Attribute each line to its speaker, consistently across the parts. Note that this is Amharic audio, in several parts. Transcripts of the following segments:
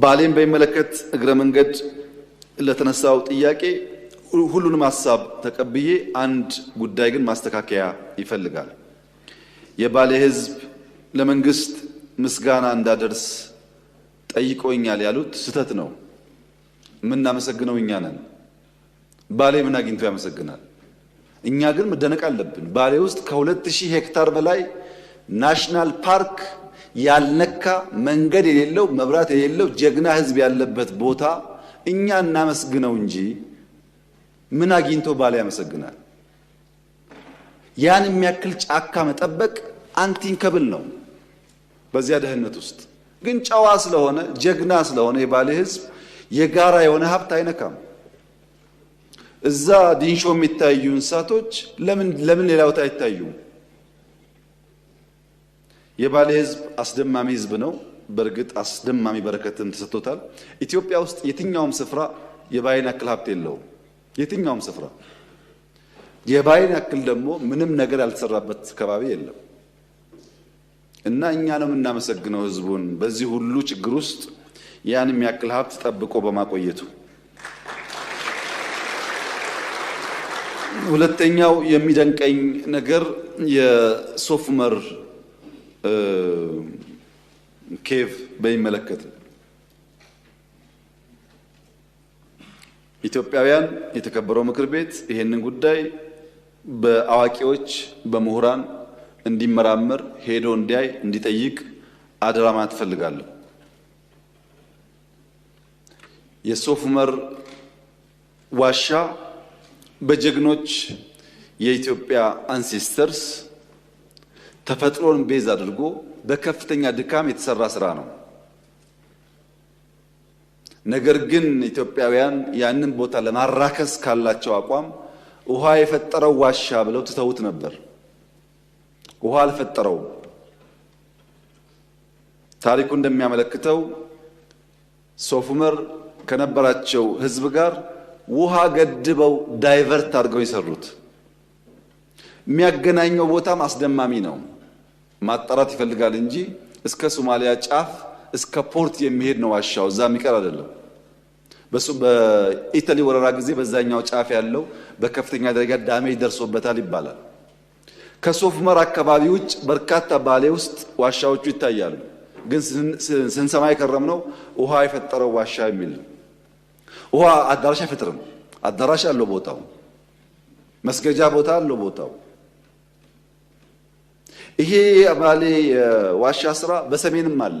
Speaker 1: ባሌን በሚመለከት እግረ መንገድ ለተነሳው ጥያቄ ሁሉንም ሀሳብ ተቀብዬ፣ አንድ ጉዳይ ግን ማስተካከያ ይፈልጋል። የባሌ ሕዝብ ለመንግስት ምስጋና እንዳደርስ ጠይቆኛል ያሉት ስህተት ነው። የምናመሰግነው እኛ ነን። ባሌ ምን አግኝቶ ያመሰግናል? እኛ ግን መደነቅ አለብን። ባሌ ውስጥ ከሁለት ሺህ ሄክታር በላይ ናሽናል ፓርክ ያልነካ መንገድ የሌለው መብራት የሌለው ጀግና ህዝብ ያለበት ቦታ እኛ እናመስግነው እንጂ ምን አግኝቶ ባለ ያመሰግናል? ያን የሚያክል ጫካ መጠበቅ አንቲንከብል ነው። በዚያ ደህንነት ውስጥ ግን ጨዋ ስለሆነ ጀግና ስለሆነ የባሌ ህዝብ የጋራ የሆነ ሀብት አይነካም። እዛ ዲንሾ የሚታዩ እንስሳቶች ለምን ለምን ሌላ ቦታ አይታዩም? የባሌ ህዝብ አስደማሚ ህዝብ ነው። በእርግጥ አስደማሚ በረከትም ተሰጥቶታል። ኢትዮጵያ ውስጥ የትኛውም ስፍራ የባይን ያክል ሀብት የለውም። የትኛውም ስፍራ የባይን ያክል ደግሞ ምንም ነገር ያልተሰራበት ከባቢ የለም እና እኛ ነው የምናመሰግነው ህዝቡን በዚህ ሁሉ ችግር ውስጥ ያን ያክል ሀብት ጠብቆ በማቆየቱ። ሁለተኛው የሚደንቀኝ ነገር የሶፍመር ኬቭ በሚመለከት ኢትዮጵያውያን የተከበረው ምክር ቤት ይሄንን ጉዳይ በአዋቂዎች በምሁራን እንዲመራመር ሄዶ እንዲያይ እንዲጠይቅ አደራ ማለት እፈልጋለሁ። የሶፍ ዑመር ዋሻ በጀግኖች የኢትዮጵያ አንሴስተርስ ተፈጥሮን ቤዝ አድርጎ በከፍተኛ ድካም የተሰራ ስራ ነው። ነገር ግን ኢትዮጵያውያን ያንን ቦታ ለማራከስ ካላቸው አቋም ውሃ የፈጠረው ዋሻ ብለው ትተውት ነበር። ውሃ አልፈጠረውም። ታሪኩ እንደሚያመለክተው ሶፍ ዑመር ከነበራቸው ህዝብ ጋር ውሃ ገድበው ዳይቨርት አድርገው የሰሩት የሚያገናኘው ቦታም አስደማሚ ነው። ማጣራት ይፈልጋል እንጂ እስከ ሶማሊያ ጫፍ እስከ ፖርት የሚሄድ ነው ዋሻው። እዛ የሚቀር አይደለም። በሱ በኢታሊ ወረራ ጊዜ በዛኛው ጫፍ ያለው በከፍተኛ ደረጃ ዳሜጅ ደርሶበታል ይባላል። ከሶፍ ዑመር አካባቢ ውጭ በርካታ ባሌ ውስጥ ዋሻዎቹ ይታያሉ። ግን ስንሰማ የከረም ነው ውሃ የፈጠረው ዋሻ የሚል ውሃ አዳራሽ አይፈጥርም። አዳራሽ አለው ቦታው፣ መስገጃ ቦታ አለው ቦታው ይሄ የባሌ ዋሻ ስራ በሰሜንም አለ።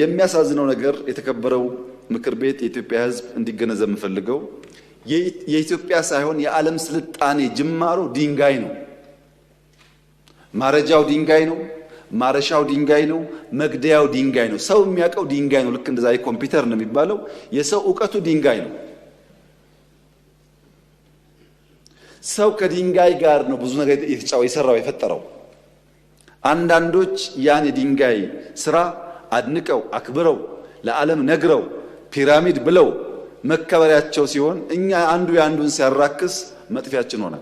Speaker 1: የሚያሳዝነው ነገር የተከበረው ምክር ቤት የኢትዮጵያ ሕዝብ እንዲገነዘብ የምፈልገው የኢትዮጵያ ሳይሆን የዓለም ስልጣኔ ጅማሮ ድንጋይ ነው። ማረጃው ድንጋይ ነው። ማረሻው ድንጋይ ነው። መግደያው ድንጋይ ነው። ሰው የሚያውቀው ድንጋይ ነው። ልክ እንደዛ ኮምፒውተር ነው የሚባለው የሰው እውቀቱ ድንጋይ ነው። ሰው ከድንጋይ ጋር ነው ብዙ ነገር የተጫወ የሰራው የፈጠረው። አንዳንዶች ያን የድንጋይ ስራ አድንቀው አክብረው ለዓለም ነግረው ፒራሚድ ብለው መከበሪያቸው ሲሆን እኛ አንዱ የአንዱን ሲያራክስ መጥፊያችን ሆነ።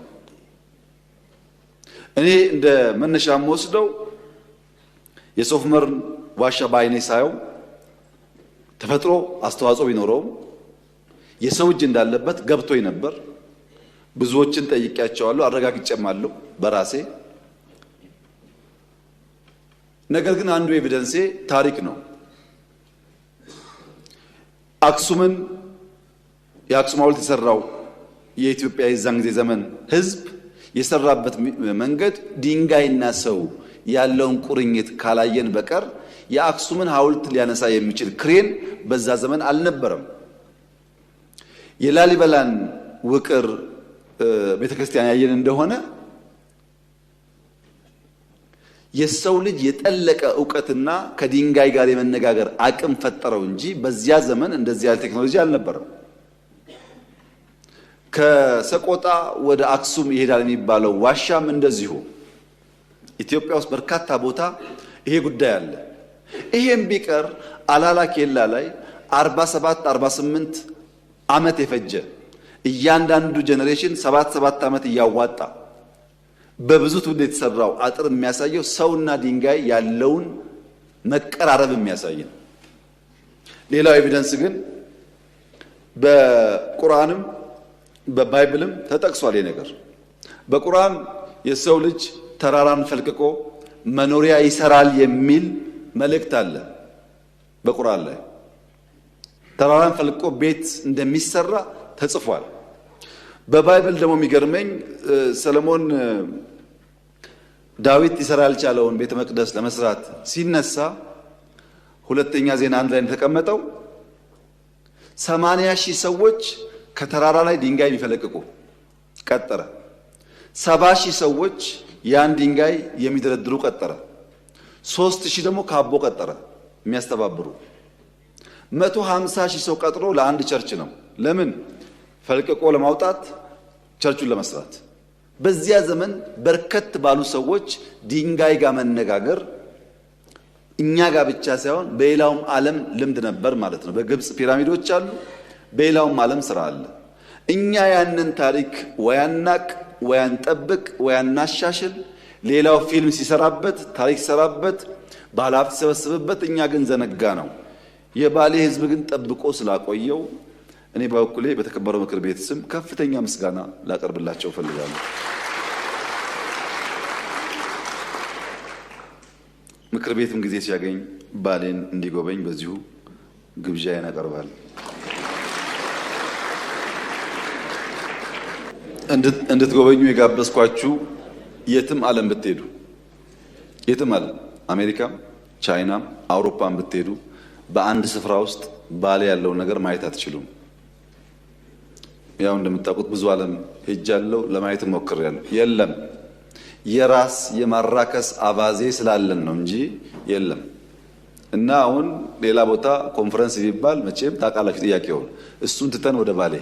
Speaker 1: እኔ እንደ መነሻ የምወስደው መርን ዋሻ በአይኔ ሳየው ተፈጥሮ አስተዋጽኦ ቢኖረውም የሰው እጅ እንዳለበት ገብቶኝ ነበር። ብዙዎችን ጠይቄያቸዋለሁ፣ አረጋግጬማለሁ በራሴ ነገር ግን አንዱ ኤቪደንሴ ታሪክ ነው። አክሱምን የአክሱም ሐውልት የሰራው የኢትዮጵያ የዛን ጊዜ ዘመን ህዝብ የሰራበት መንገድ ድንጋይና ሰው ያለውን ቁርኝት ካላየን በቀር የአክሱምን ሐውልት ሊያነሳ የሚችል ክሬን በዛ ዘመን አልነበረም። የላሊበላን ውቅር ቤተ ክርስቲያን ያየን እንደሆነ የሰው ልጅ የጠለቀ እውቀትና ከድንጋይ ጋር የመነጋገር አቅም ፈጠረው እንጂ በዚያ ዘመን እንደዚህ ያለ ቴክኖሎጂ አልነበረም። ከሰቆጣ ወደ አክሱም ይሄዳል የሚባለው ዋሻም እንደዚሁ። ኢትዮጵያ ውስጥ በርካታ ቦታ ይሄ ጉዳይ አለ። ይሄም ቢቀር አላላ ኬላ ላይ 47 48 ዓመት የፈጀ እያንዳንዱ ጄኔሬሽን ሰባት ሰባት ዓመት እያዋጣ በብዙ ትውልድ የተሰራው አጥር የሚያሳየው ሰውና ድንጋይ ያለውን መቀራረብ የሚያሳይ ነው። ሌላው ኤቪደንስ ግን በቁርአንም በባይብልም ተጠቅሷል። ይህ ነገር በቁርአን የሰው ልጅ ተራራን ፈልቅቆ መኖሪያ ይሰራል የሚል መልእክት አለ። በቁርአን ላይ ተራራን ፈልቅቆ ቤት እንደሚሰራ ተጽፏል። በባይብል ደግሞ የሚገርመኝ ሰለሞን ዳዊት ሊሰራ ያልቻለውን ቤተ መቅደስ ለመስራት ሲነሳ ሁለተኛ ዜና አንድ ላይ የተቀመጠው ሰማንያ ሺህ ሰዎች ከተራራ ላይ ድንጋይ የሚፈለቅቁ ቀጠረ። ሰባ ሺህ ሰዎች ያን ድንጋይ የሚደረድሩ ቀጠረ። ሶስት ሺህ ደግሞ ካቦ ቀጠረ የሚያስተባብሩ። መቶ ሀምሳ ሺህ ሰው ቀጥሮ ለአንድ ቸርች ነው። ለምን ፈልቅቆ ለማውጣት ቸርቹን ለመስራት በዚያ ዘመን በርከት ባሉ ሰዎች ድንጋይ ጋር መነጋገር እኛ ጋር ብቻ ሳይሆን በሌላውም ዓለም ልምድ ነበር ማለት ነው። በግብፅ ፒራሚዶች አሉ፣ በሌላውም ዓለም ስራ አለ። እኛ ያንን ታሪክ ወያናቅ፣ ወያንጠብቅ፣ ወያናሻሽል ሌላው ፊልም ሲሰራበት ታሪክ ሲሰራበት ባለሀብት ሲሰበስብበት፣ እኛ ግን ዘነጋ ነው። የባሌ ህዝብ ግን ጠብቆ ስላቆየው እኔ በበኩሌ በተከበረው ምክር ቤት ስም ከፍተኛ ምስጋና ላቀርብላቸው እፈልጋለሁ። ምክር ቤትም ጊዜ ሲያገኝ ባሌን እንዲጎበኝ በዚሁ ግብዣዬን አቀርባለሁ። እንድትጎበኙ የጋበዝኳችሁ የትም ዓለም ብትሄዱ የትም ዓለም አሜሪካም፣ ቻይናም፣ አውሮፓም ብትሄዱ በአንድ ስፍራ ውስጥ ባሌ ያለውን ነገር ማየት አትችሉም። ያው እንደምታውቁት ብዙ ዓለም ሄጃለሁ፣ ለማየት ሞክሬያለሁ። የለም የራስ የማራከስ አባዜ ስላለን ነው እንጂ የለም። እና አሁን ሌላ ቦታ ኮንፈረንስ ቢባል መቼም ታውቃላችሁ ጥያቄውን እሱን ትተን ወደ ባሌ